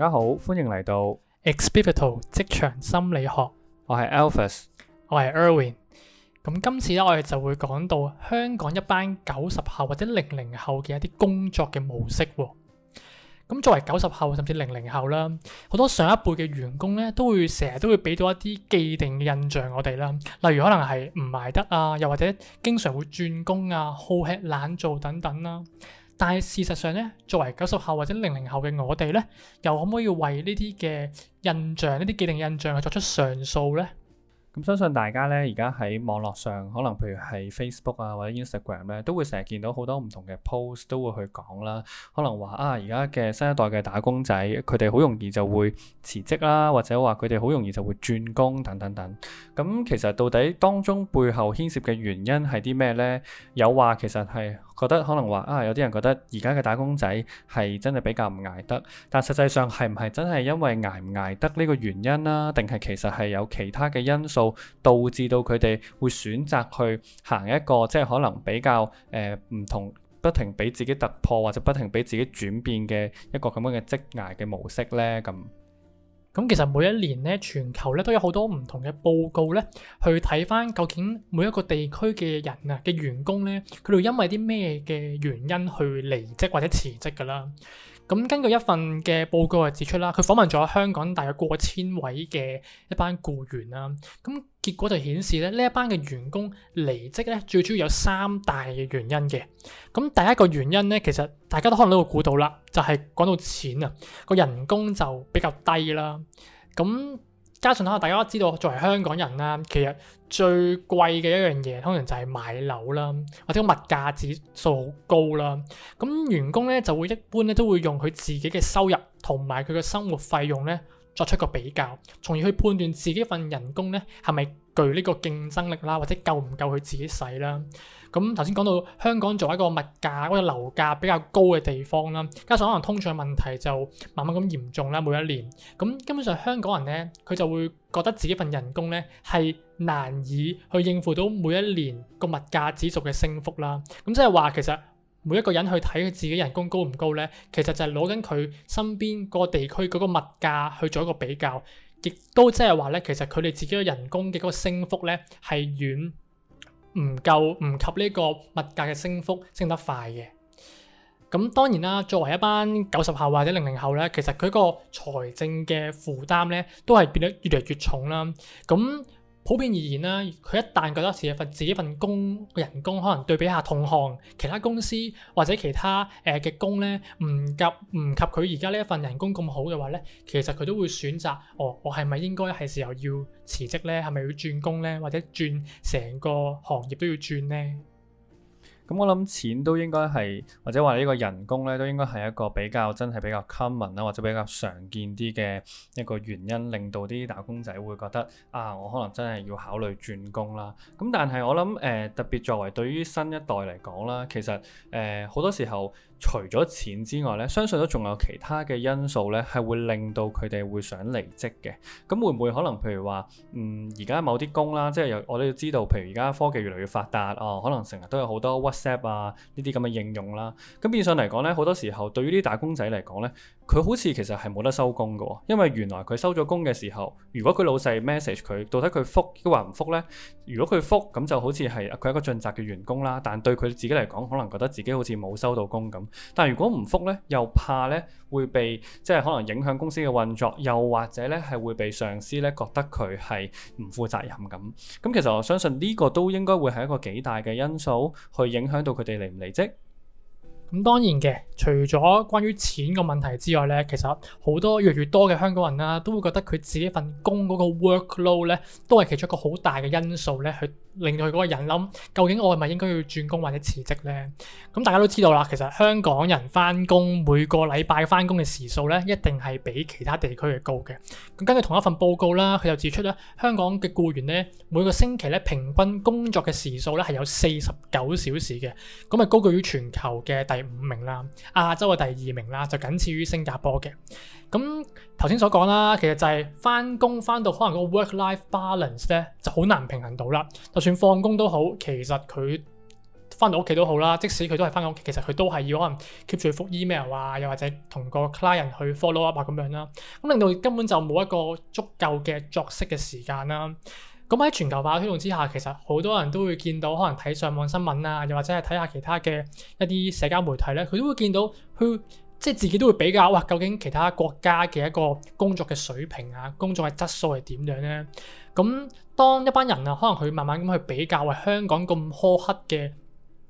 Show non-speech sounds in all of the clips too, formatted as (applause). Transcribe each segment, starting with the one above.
大家好，歡迎嚟到 Exhibit p 職場心理學。我係 Alphas，我係 Erwin。咁今次咧，我哋就會講到香港一班九十後或者零零後嘅一啲工作嘅模式。咁作為九十後甚至零零後啦，好多上一輩嘅員工咧，都會成日都會俾到一啲既定嘅印象我哋啦。例如可能係唔捱得啊，又或者經常會轉工啊，好吃懶做等等啦。但係事實上咧，作為九十後或者零零後嘅我哋咧，又可唔可以為呢啲嘅印象、呢啲既定印象去作出上訴呢？咁相信大家咧，而家喺網絡上，可能譬如係 Facebook 啊或者 Instagram 咧、啊，都會成日見到好多唔同嘅 post，都會去講啦。可能話啊，而家嘅新一代嘅打工仔，佢哋好容易就會辭職啦，或者話佢哋好容易就會轉工等等等。咁其實到底當中背後牽涉嘅原因係啲咩呢？有話其實係。覺得可能話啊，有啲人覺得而家嘅打工仔係真係比較唔捱得，但實際上係唔係真係因為捱唔捱得呢個原因啦、啊？定係其實係有其他嘅因素導致到佢哋會選擇去行一個即係可能比較誒唔同，不停俾自己突破或者不停俾自己轉變嘅一個咁樣嘅職涯嘅模式呢？咁。咁其實每一年咧，全球咧都有好多唔同嘅報告咧，去睇返究竟每一個地區嘅人啊嘅員工咧，佢哋因為啲咩嘅原因去離職或者辭職㗎喇。咁根據一份嘅報告係指出啦，佢訪問咗香港大約過千位嘅一班僱員啦，咁。結果就顯示咧，呢一班嘅員工離職咧，最主要有三大嘅原因嘅。咁第一個原因咧，其實大家都可能都會估到啦，就係講到錢啊，個人工就比較低啦。咁加上啊，大家都知道作為香港人啦，其實最貴嘅一樣嘢，可能就係買樓啦，或者個物價指數好高啦。咁員工咧就會一般咧都會用佢自己嘅收入同埋佢嘅生活費用咧，作出個比較，從而去判斷自己份人工咧係咪具呢個競爭力啦，或者夠唔夠佢自己使啦。咁頭先講到香港作為一個物價或者樓價比較高嘅地方啦，加上可能通脹問題就慢慢咁嚴重啦，每一年。咁根本上香港人咧，佢就會覺得自己份人工咧係難以去應付到每一年個物價指數嘅升幅啦。咁即係話其實。每一個人去睇佢自己人工高唔高呢，其實就係攞緊佢身邊個地區嗰個物價去做一個比較，亦都即係話呢，其實佢哋自己嘅人工嘅嗰個升幅呢，係遠唔夠唔及呢個物價嘅升幅升得快嘅。咁當然啦，作為一班九十後或者零零後呢，其實佢個財政嘅負擔呢，都係變得越嚟越重啦。咁普遍而言啦，佢一旦覺得似一份自己份工嘅人工，可能對比下同行、其他公司或者其他誒嘅工咧，唔及唔及佢而家呢一份人工咁好嘅話咧，其實佢都會選擇，哦，我係咪應該係時候要辭職咧？係咪要轉工咧？或者轉成個行業都要轉咧？咁我諗錢都應該係，或者話呢個人工咧都應該係一個比較真係比較 common 啦，或者比較常見啲嘅一個原因，令到啲打工仔會覺得啊，我可能真係要考慮轉工啦。咁但係我諗誒、呃，特別作為對於新一代嚟講啦，其實誒、呃、好多時候。除咗錢之外咧，相信都仲有其他嘅因素咧，係會令到佢哋會想離職嘅。咁會唔會可能譬如話，嗯，而家某啲工啦，即係有我哋都要知道，譬如而家科技越嚟越發達，哦，可能成日都有好多 WhatsApp 啊呢啲咁嘅應用啦。咁變相嚟講咧，好多時候對於啲打工仔嚟講咧。佢好似其實係冇得收工㗎喎，因為原來佢收咗工嘅時候，如果佢老細 message 佢，到底佢覆抑或唔覆呢？如果佢覆，咁就好似係佢一個盡責嘅員工啦。但對佢自己嚟講，可能覺得自己好似冇收到工咁。但如果唔覆呢，又怕呢會被即係可能影響公司嘅運作，又或者呢係會被上司呢覺得佢係唔負責任咁。咁其實我相信呢個都應該會係一個幾大嘅因素去影響到佢哋離唔離職。咁當然嘅，除咗關於錢個問題之外咧，其實好多越嚟越多嘅香港人啦，都會覺得佢自己份工嗰個 workload 咧，都係其中一個好大嘅因素咧，去令到佢嗰個人諗，究竟我係咪應該要轉工或者辭職呢？咁大家都知道啦，其實香港人返工每個禮拜返工嘅時數咧，一定係比其他地區嘅高嘅。咁根據同一份報告啦，佢就指出咧，香港嘅僱員咧，每個星期咧，平均工作嘅時數咧，係有四十九小時嘅，咁啊高過於全球嘅第五名啦，亞洲嘅第二名啦，就僅次於新加坡嘅。咁頭先所講啦，其實就係翻工翻到可能個 work-life balance 咧就好難平衡到啦。就算放工都好，其實佢翻到屋企都好啦。即使佢都係翻到屋企，其實佢都係要可能 keep 住去覆 email 啊，又或者同個 client 去 follow up 啊咁樣啦。咁令到根本就冇一個足夠嘅作息嘅時間啦。咁喺全球化推動之下，其實好多人都會見到可能睇上網新聞啊，又或者係睇下其他嘅一啲社交媒體咧，佢都會見到佢。即係自己都會比較，哇！究竟其他國家嘅一個工作嘅水平啊，工作嘅質素係點樣咧？咁、嗯、當一班人啊，可能佢慢慢咁去比較，係香港咁苛刻嘅。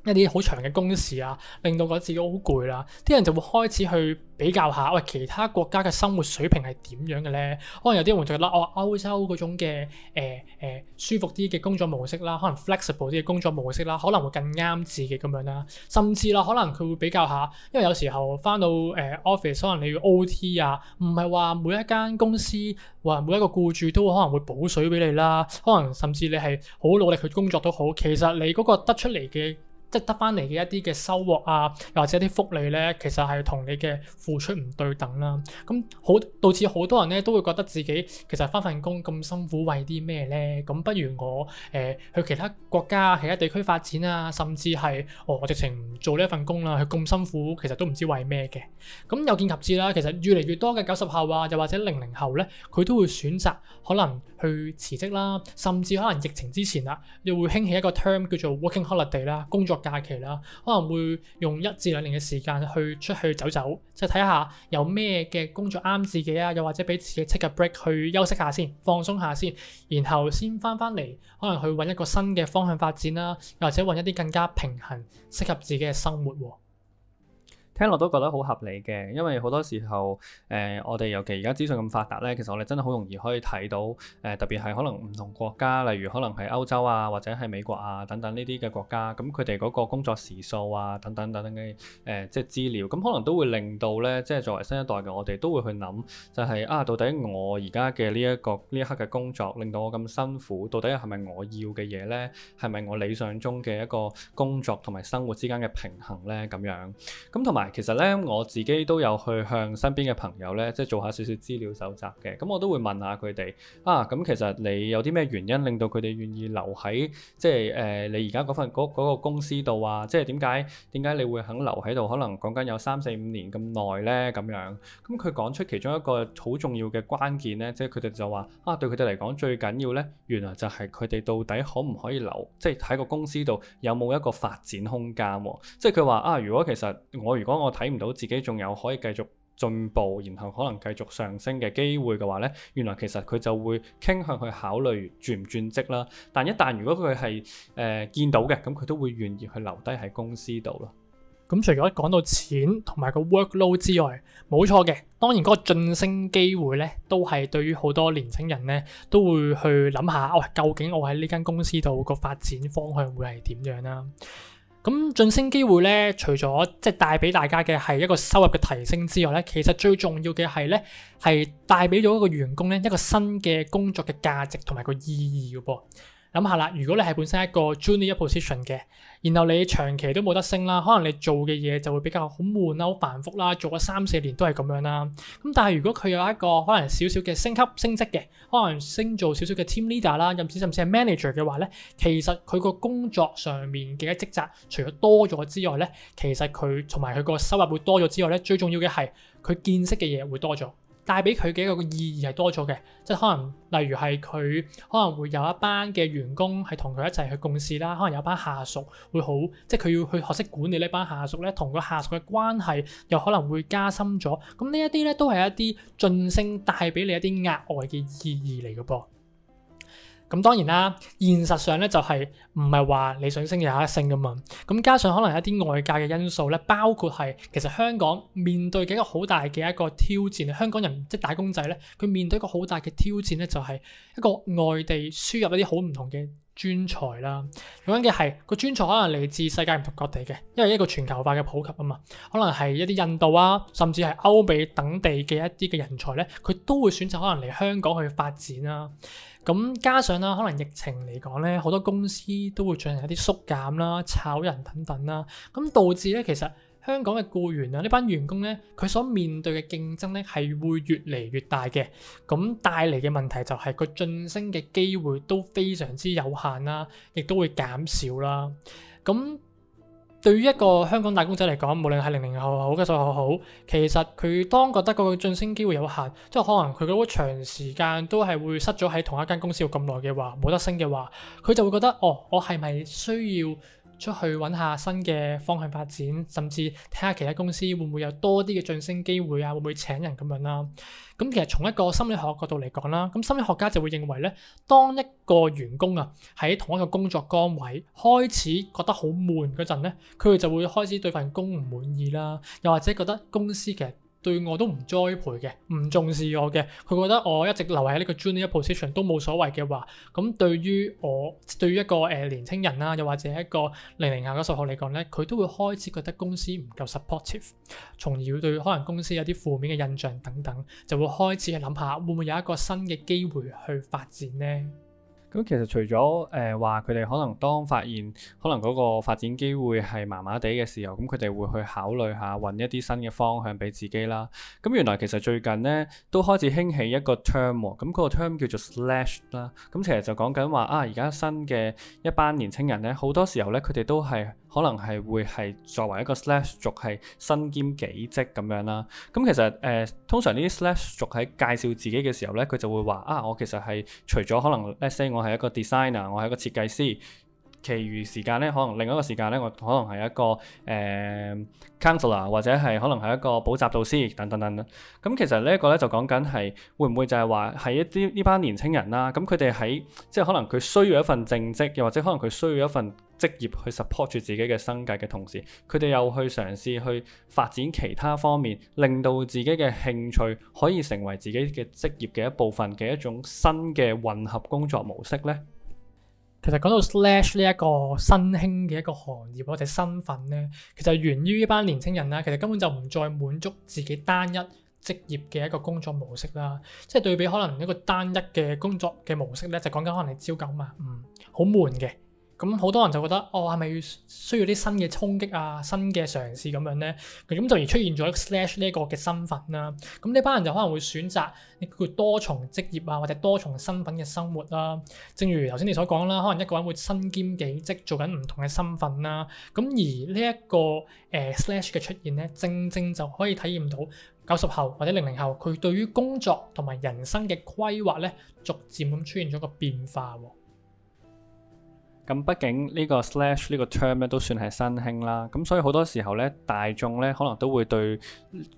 一啲好長嘅工時啊，令到覺得自己好攰啦。啲人就會開始去比較下，喂，其他國家嘅生活水平係點樣嘅咧？可能有啲人會就係啦，我、哦、歐洲嗰種嘅誒誒舒服啲嘅工作模式啦，可能 flexible 啲嘅工作模式啦，可能會更啱自己咁樣啦。甚至啦，可能佢會比較下，因為有時候返到誒、呃、office，可能你要 OT 啊，唔係話每一間公司或每一個僱主都可能會補水俾你啦。可能甚至你係好努力去工作都好，其實你嗰個得出嚟嘅。即得翻嚟嘅一啲嘅收穫啊，又或者啲福利咧，其實係同你嘅付出唔對等啦。咁好，導致好多人咧都會覺得自己其實翻份工咁辛苦，為啲咩咧？咁不如我誒、呃、去其他國家、其他地區發展啊，甚至係哦，我直情唔做呢一份工啦、啊，佢咁辛苦，其實都唔知為咩嘅。咁又見及至啦，其實越嚟越多嘅九十後啊，又或者零零後咧，佢都會選擇可能去辭職啦，甚至可能疫情之前啊，又會興起一個 term 叫做 working holiday 啦，工作。假期啦，可能會用一至兩年嘅時間去出去走走，即係睇下有咩嘅工作啱自己啊，又或者俾自己 take a break 去休息下先，放鬆下先，然後先返返嚟，可能去搵一個新嘅方向發展啦，又或者搵一啲更加平衡適合自己嘅生活喎。聽落都覺得好合理嘅，因為好多時候，誒、呃、我哋尤其而家資訊咁發達咧，其實我哋真係好容易可以睇到，誒、呃、特別係可能唔同國家，例如可能係歐洲啊，或者係美國啊等等呢啲嘅國家，咁佢哋嗰個工作時數啊等等等等嘅誒即係資料，咁可能都會令到咧，即係作為新一代嘅我哋都會去諗、就係，就係啊到底我而家嘅呢一個呢一刻嘅工作令到我咁辛苦，到底係咪我要嘅嘢咧？係咪我理想中嘅一個工作同埋生活之間嘅平衡咧？咁樣，咁同埋。其實咧，我自己都有去向身邊嘅朋友咧，即係做下少少資料搜集嘅。咁我都會問下佢哋啊。咁其實你有啲咩原因令到佢哋願意留喺即係誒、呃、你而家嗰份嗰、嗰個公司度啊？即係點解點解你會肯留喺度？可能講緊有三四五年咁耐咧咁樣。咁佢講出其中一個好重要嘅關鍵咧，即係佢哋就話啊，對佢哋嚟講最緊要咧，原來就係佢哋到底可唔可以留，即係喺個公司度有冇一個發展空間喎？即係佢話啊，如果其實我如果我睇唔到自己仲有可以繼續進步，然後可能繼續上升嘅機會嘅話呢，原來其實佢就會傾向去考慮轉唔轉職啦。但一旦如果佢係誒見到嘅，咁佢都會願意去留低喺公司度咯。咁除咗講到錢同埋個 workload 之外，冇錯嘅，當然嗰個晉升機會呢，都係對於好多年青人呢，都會去諗下，喂，究竟我喺呢間公司度個發展方向會係點樣啦？咁晉升機會咧，除咗即係帶俾大家嘅係一個收入嘅提升之外咧，其實最重要嘅係咧，係帶俾咗一個員工咧，一個新嘅工作嘅價值同埋個意義嘅噃。諗下啦，如果你係本身一個 junior position 嘅，然後你長期都冇得升啦，可能你做嘅嘢就會比較好悶啦、好繁複啦，做咗三四年都係咁樣啦。咁但係如果佢有一個可能少少嘅升級升職嘅，可能升做少少嘅 team leader 啦，任至甚至係 manager 嘅話咧，其實佢個工作上面嘅職責除咗多咗之外咧，其實佢同埋佢個收入會多咗之外咧，最重要嘅係佢見識嘅嘢會多咗。帶俾佢嘅一個意義係多咗嘅，即係可能例如係佢可能會有一班嘅員工係同佢一齊去共事啦，可能有一班下屬會好，即係佢要去學識管理呢班下屬咧，同個下屬嘅關係又可能會加深咗。咁呢一啲咧都係一啲晉升帶俾你一啲額外嘅意義嚟嘅噃。咁當然啦，現實上咧就係唔係話你想升就有一升㗎嘛？咁加上可能一啲外界嘅因素咧，包括係其實香港面對緊一個好大嘅一個挑戰，香港人即係、就是、打工仔咧，佢面對一個好大嘅挑戰咧，就係一個外地輸入一啲好唔同嘅專才啦。咁樣嘅係個專才可能嚟自世界唔同各地嘅，因為一個全球化嘅普及啊嘛，可能係一啲印度啊，甚至係歐美等地嘅一啲嘅人才咧，佢都會選擇可能嚟香港去發展啦、啊。咁加上啦，可能疫情嚟講咧，好多公司都會進行一啲縮減啦、炒人等等啦，咁導致咧其實香港嘅僱員啊，呢班員工咧，佢所面對嘅競爭咧係會越嚟越大嘅，咁帶嚟嘅問題就係佢晉升嘅機會都非常之有限啦，亦都會減少啦，咁。對於一個香港打工仔嚟講，無論係零零後好，好，跟住後好，好，好，其實佢當覺得嗰個晉升機會有限，即係可能佢嗰個長時間都係會失咗喺同一間公司要咁耐嘅話，冇得升嘅話，佢就會覺得，哦，我係咪需要？出去搵下新嘅方向發展，甚至睇下其他公司會唔會有多啲嘅晉升機會啊，會唔會請人咁樣啦？咁其實從一個心理學角度嚟講啦，咁心理學家就會認為咧，當一個員工啊喺同一個工作崗位開始覺得好悶嗰陣咧，佢哋就會開始對份工唔滿意啦，又或者覺得公司嘅。對我都唔栽培嘅，唔重視我嘅，佢覺得我一直留喺呢個 junior position 都冇所謂嘅話，咁對於我，對於一個誒、呃、年輕人啦、啊，又或者一個零零後嘅同學嚟講呢，佢都會開始覺得公司唔夠 supportive，從而會對可能公司有啲負面嘅印象等等，就會開始去諗下會唔會有一個新嘅機會去發展呢。咁其實除咗誒話佢哋可能當發現可能嗰個發展機會係麻麻地嘅時候，咁佢哋會去考慮下揾一啲新嘅方向俾自己啦。咁原來其實最近呢都開始興起一個 term，咁嗰個 term 叫做 slash 啦。咁其實就講緊話啊，而家新嘅一班年青人呢，好多時候呢，佢哋都係。可能係會係作為一個 slash 族係身兼幾職咁樣啦。咁其實誒、呃，通常呢啲 slash 族喺介紹自己嘅時候咧，佢就會話啊，我其實係除咗可能，let's say 我係一個 designer，我係一個設計師。其餘時間咧，可能另一個時間咧，我可能係一個誒、呃、counselor，或者係可能係一個補習導師等等等等。咁、嗯、其實呢一個咧，就講緊係會唔會就係話係一啲呢班年青人啦、啊，咁佢哋喺即係可能佢需要一份正職，又或者可能佢需要一份職業去 support 住自己嘅生計嘅同時，佢哋又去嘗試去發展其他方面，令到自己嘅興趣可以成為自己嘅職業嘅一部分嘅一種新嘅混合工作模式咧。其實講到 slash 呢一個新興嘅一個行業或者身份咧，其實源於呢班年青人啦、啊，其實根本就唔再滿足自己單一職業嘅一個工作模式啦，即係對比可能一個單一嘅工作嘅模式咧，就講緊可能係朝九晚五，好悶嘅。咁好多人就覺得，哦，係咪需要啲新嘅衝擊啊、新嘅嘗試咁樣咧？咁就而出現咗一個 slash 呢一個嘅、這個、身份啦、啊。咁呢班人就可能會選擇佢多重職業啊，或者多重身份嘅生活啦、啊。正如頭先你所講啦，可能一個人會身兼幾職，做緊唔同嘅身份啦、啊。咁而呢、這、一個誒 slash 嘅出現咧，正正就可以體驗到九十後或者零零後佢對於工作同埋人生嘅規劃咧，逐漸咁出現咗一個變化喎、啊。咁畢竟呢個 slash 呢個 term 咧都算係新興啦，咁所以好多時候咧大眾咧可能都會對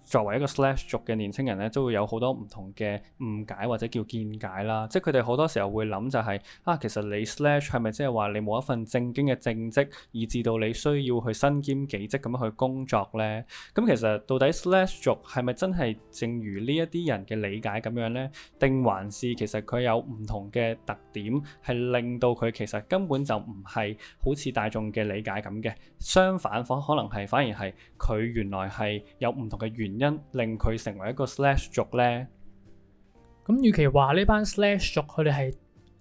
作為一個 slash 族嘅年輕人咧都會有好多唔同嘅誤解或者叫見解啦，即係佢哋好多時候會諗就係、是、啊，其實你 slash 係咪即係話你冇一份正經嘅正職，以致到你需要去身兼幾職咁樣去工作咧？咁其實到底 slash 族係咪真係正如呢一啲人嘅理解咁樣咧，定還是其實佢有唔同嘅特點係令到佢其實根本就？唔係好似大眾嘅理解咁嘅，相反方可能係反而係佢原來係有唔同嘅原因令佢成為一個 slash 族呢。咁，與其話呢班 slash 族佢哋係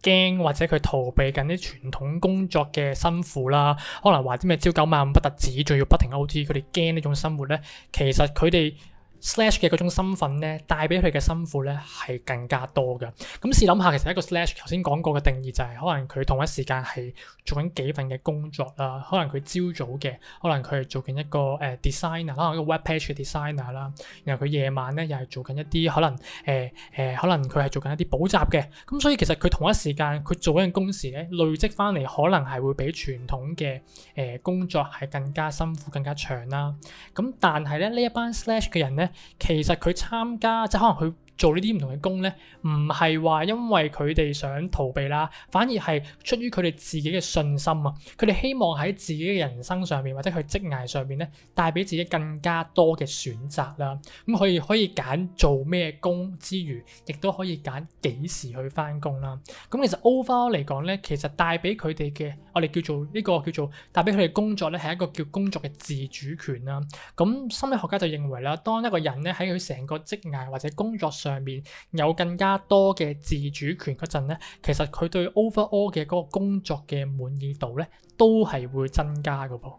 驚或者佢逃避緊啲傳統工作嘅辛苦啦，可能話啲咩朝九晚五不特止，仲要不停 OT，佢哋驚呢種生活呢。其實佢哋。slash 嘅嗰種身份咧，帶俾佢嘅辛苦咧係更加多嘅。咁試諗下，其實一個 slash 頭先講過嘅定義就係、是、可能佢同一時間係做緊幾份嘅工作啦，可能佢朝早嘅，可能佢係做緊一個誒 designer 啦，呃、可能一個 webpage designer 啦，然後佢夜晚咧又係做緊一啲可能誒誒、呃呃、可能佢係做緊一啲補習嘅。咁所以其實佢同一時間佢做緊嘅工時咧累積翻嚟，可能係會比傳統嘅誒、呃、工作係更加辛苦、更加長啦。咁但係咧呢一班 slash 嘅人咧。其實佢參加即係可能佢，做呢啲唔同嘅工咧，唔係話因為佢哋想逃避啦，反而係出於佢哋自己嘅信心啊！佢哋希望喺自己嘅人生上面或者佢職涯上面咧，帶俾自己更加多嘅選擇啦。咁佢哋可以揀做咩工之餘，亦都可以揀幾時去翻工啦。咁其實 overwork 嚟講咧，其實帶俾佢哋嘅我哋叫做呢、這個叫做帶俾佢哋工作咧，係一個叫工作嘅自主權啦。咁心理學家就認為啦，當一個人咧喺佢成個職涯或者工作，上面有更加多嘅自主權嗰陣咧，其實佢對 overall 嘅嗰個工作嘅滿意度咧，都係會增加個噃。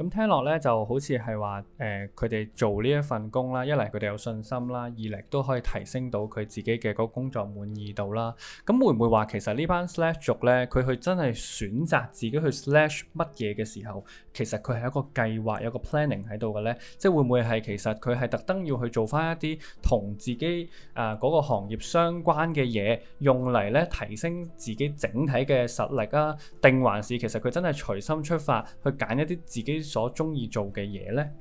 咁聽落咧就好似係話，誒佢哋做呢一份工啦，一嚟佢哋有信心啦，二嚟都可以提升到佢自己嘅嗰工作滿意度啦。咁會唔會話其實呢班 slash 族咧，佢去真係選擇自己去 slash 乜嘢嘅時候，其實佢係一個計劃，有個 planning 喺度嘅咧。即係會唔會係其實佢係特登要去做翻一啲同自己啊嗰、呃嗰個行業相關嘅嘢，用嚟咧提升自己整體嘅實力啊？定還是其實佢真係隨心出發去揀一啲自己所中意做嘅嘢咧？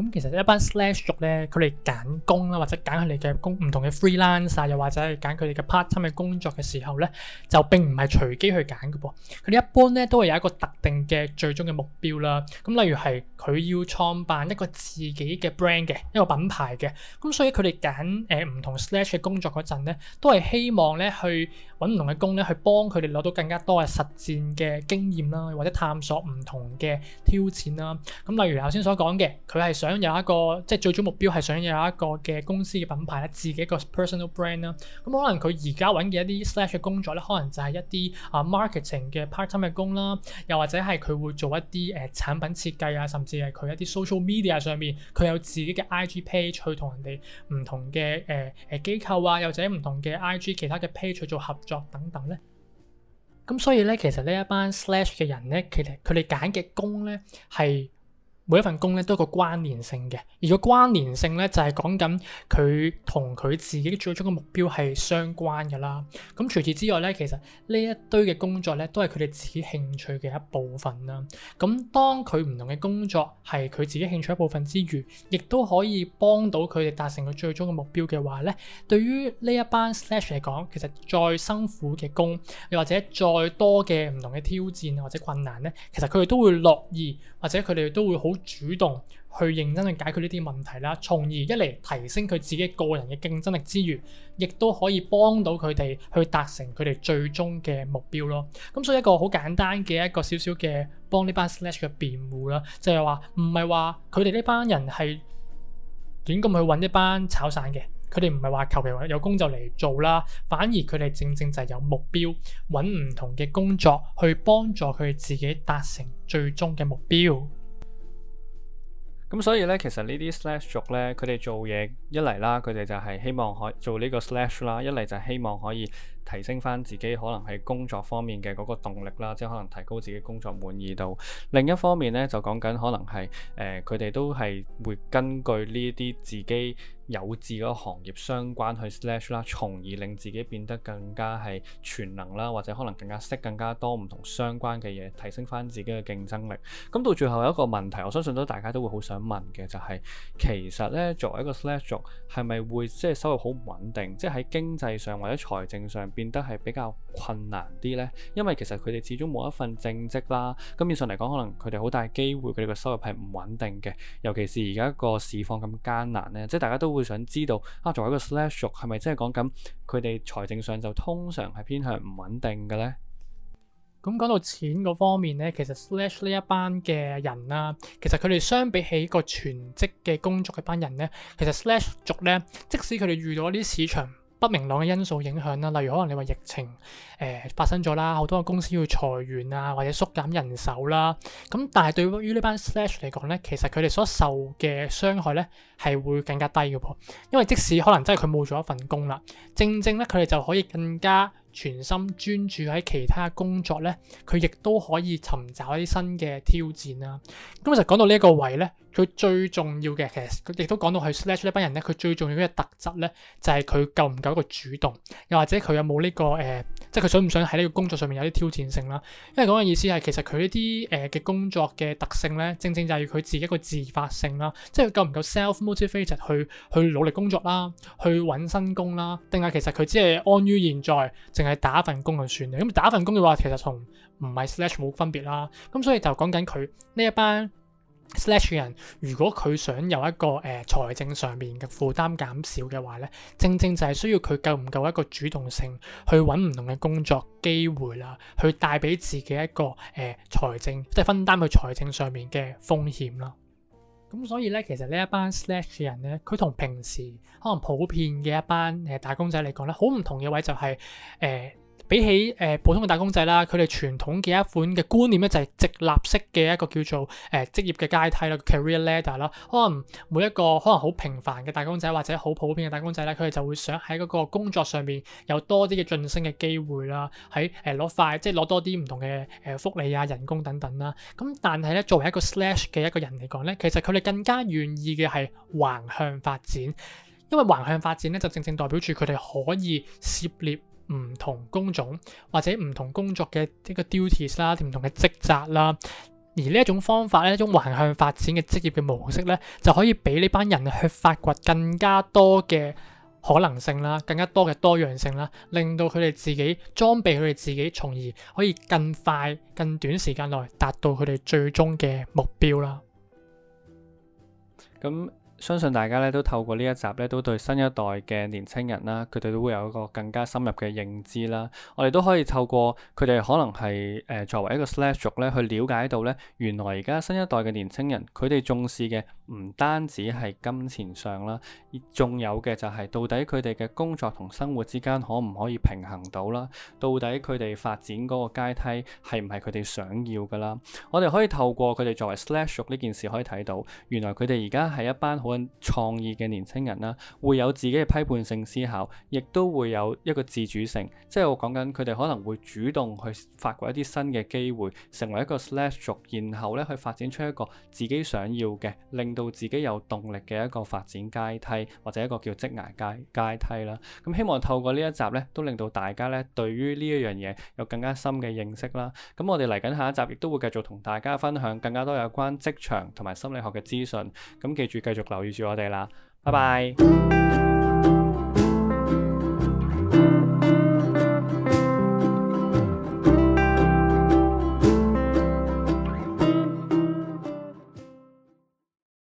咁其實一班 slash 族咧，佢哋揀工啦，或者揀佢哋嘅工唔同嘅 freelance 啊，又或者係揀佢哋嘅 part time 嘅工作嘅時候咧，就並唔係隨機去揀嘅噃。佢哋一般咧都係有一個特定嘅最終嘅目標啦。咁例如係佢要創辦一個自己嘅 brand 嘅一個品牌嘅。咁所以佢哋揀誒唔同 slash 嘅工作嗰陣咧，都係希望咧去揾唔同嘅工咧，去幫佢哋攞到更加多嘅實戰嘅經驗啦，或者探索唔同嘅挑戰啦。咁例如頭先所講嘅，佢係想想有一個即係最終目標係想有一個嘅公司嘅品牌咧，自己一個 personal brand 啦。咁、嗯、可能佢而家揾嘅一啲 slash 嘅工作咧，可能就係一啲啊、uh, marketing 嘅 part time 嘅工啦，又或者係佢會做一啲誒、呃、產品設計啊，甚至係佢一啲 social media 上面佢有自己嘅 IG page 去同人哋唔同嘅誒誒機構啊，又或者唔同嘅 IG 其他嘅 page 去做合作等等咧。咁所以咧，其實呢一班 slash 嘅人咧，其實佢哋揀嘅工咧係，每一份工咧都有一個關聯性嘅，而個關聯性咧就係講緊佢同佢自己最終嘅目標係相關噶啦。咁除此之外咧，其實呢一堆嘅工作咧都係佢哋自己興趣嘅一部分啦。咁當佢唔同嘅工作係佢自己興趣一部分之餘，亦都可以幫到佢哋達成佢最終嘅目標嘅話咧，對於呢一班 slash 嚟講，其實再辛苦嘅工，又或者再多嘅唔同嘅挑戰或者困難咧，其實佢哋都會樂意，或者佢哋都會好，主動去認真去解決呢啲問題啦，從而一嚟提升佢自己個人嘅競爭力之餘，亦都可以幫到佢哋去達成佢哋最終嘅目標咯。咁、嗯、所以一個好簡單嘅一個少少嘅幫呢班 slash 嘅辯護啦，就係話唔係話佢哋呢班人係亂咁去揾一班炒散嘅，佢哋唔係話求其話有工就嚟做啦，反而佢哋正正就係有目標揾唔同嘅工作去幫助佢哋自己達成最終嘅目標。咁所以咧，其實呢啲 slash 族咧，佢哋做嘢一嚟啦，佢哋就係希望可做呢個 slash 啦，一嚟就係希望可以，提升翻自己可能喺工作方面嘅嗰個動力啦，即係可能提高自己工作滿意度。另一方面咧，就講緊可能係誒佢哋都係會根據呢啲自己有志嗰個行業相關去 slash 啦，從而令自己變得更加係全能啦，或者可能更加識更加多唔同相關嘅嘢，提升翻自己嘅競爭力。咁到最後一個問題我相信都大家都會好想問嘅就係、是，其實咧，作為一個 slash 族係咪會即係收入好唔穩定？即係喺經濟上或者財政上。變得係比較困難啲呢，因為其實佢哋始終冇一份正職啦。咁變相嚟講，可能佢哋好大機會，佢哋嘅收入係唔穩定嘅。尤其是而家個市況咁艱難呢。即係大家都會想知道啊，作為一個 slash 族，係咪真係講緊佢哋財政上就通常係偏向唔穩定嘅呢？咁講到錢嗰方面呢，其實 slash 呢一班嘅人啦、啊，其實佢哋相比起個全職嘅工作嗰班人呢，其實 slash 族呢，即使佢哋遇到啲市場不明朗嘅因素影響啦，例如可能你話疫情誒、呃、發生咗啦，好多嘅公司要裁員啊，或者縮減人手啦。咁但係對於呢班 slash 嚟講咧，其實佢哋所受嘅傷害咧係會更加低嘅噃，因為即使可能真係佢冇咗一份工啦，正正咧佢哋就可以更加全心專注喺其他工作咧，佢亦都可以尋找一啲新嘅挑戰啦。咁其實講到呢一個位咧。佢最重要嘅其實亦都講到佢 slash 呢班人咧，佢最重要嘅特質咧就係佢夠唔夠一個主動，又或者佢有冇呢個誒，即係佢想唔想喺呢個工作上面有啲挑戰性啦？因為講嘅意思係其實佢呢啲誒嘅工作嘅特性咧，正正就係佢自己一個自發性啦，即係佢夠唔夠 self-motivated 去去努力工作啦，去揾新工啦，定係其實佢只係安於現在，淨係打份工就算嘅？咁打份工嘅話，其實同唔係 slash 冇分別啦。咁所以就講緊佢呢一班。Slash 人如果佢想有一個誒、呃、財政上面嘅負擔減少嘅話咧，正正就係需要佢夠唔夠一個主動性去揾唔同嘅工作機會啦，去帶俾自己一個誒財、呃、政，即係分擔去財政上面嘅風險咯。咁所以咧，其實呢一班 Slash 人咧，佢同平時可能普遍嘅一班誒打工仔嚟講咧，好唔同嘅位就係、係、誒。呃比起誒、呃、普通嘅打工仔啦，佢哋傳統嘅一款嘅觀念咧，就係、係、直立式嘅一個叫做誒職、呃、業嘅階梯啦，career ladder 啦。可能每一個可能好平凡嘅打工仔或者好普遍嘅打工仔咧，佢哋就會想喺嗰個工作上面有多啲嘅晉升嘅機會啦，喺誒攞快，即係攞多啲唔同嘅誒福利啊、人工等等啦。咁、啊、但係咧，作為一個 slash 嘅一個人嚟講咧，其實佢哋更加願意嘅係橫向發展，因為橫向發展咧就正，正正代表住佢哋可以涉獵，唔同工種或者唔同工作嘅一個 duties 啦，唔同嘅職責啦，而呢一種方法咧，一種橫向發展嘅職業嘅模式咧，就可以俾呢班人去發掘更加多嘅可能性啦，更加多嘅多樣性啦，令到佢哋自己裝備佢哋自己，自己從而可以更快、更短時間內達到佢哋最終嘅目標啦。咁。相信大家咧都透過呢一集咧，都對新一代嘅年輕人啦，佢哋都會有一個更加深入嘅認知啦。我哋都可以透過佢哋可能係誒、呃、作為一個 slash 族咧，去了解到咧，原來而家新一代嘅年輕人佢哋重視嘅。唔單止係金錢上啦，仲有嘅就係到底佢哋嘅工作同生活之間可唔可以平衡到啦？到底佢哋發展嗰個階梯係唔係佢哋想要㗎喇？我哋可以透過佢哋作為 Slash 族呢件事可以睇到，原來佢哋而家係一班好創意嘅年輕人啦，會有自己嘅批判性思考，亦都會有一個自主性。即係我講緊佢哋可能會主動去發掘一啲新嘅機會，成為一個 Slash 族，然後咧去發展出一個自己想要嘅，令到到自己有動力嘅一個發展階梯，或者一個叫職涯階階梯啦。咁希望透過呢一集咧，都令到大家咧對於呢一樣嘢有更加深嘅認識啦。咁我哋嚟緊下一集亦都會繼續同大家分享更加多有關職場同埋心理學嘅資訊。咁記住繼續留意住我哋啦。拜拜。 (music)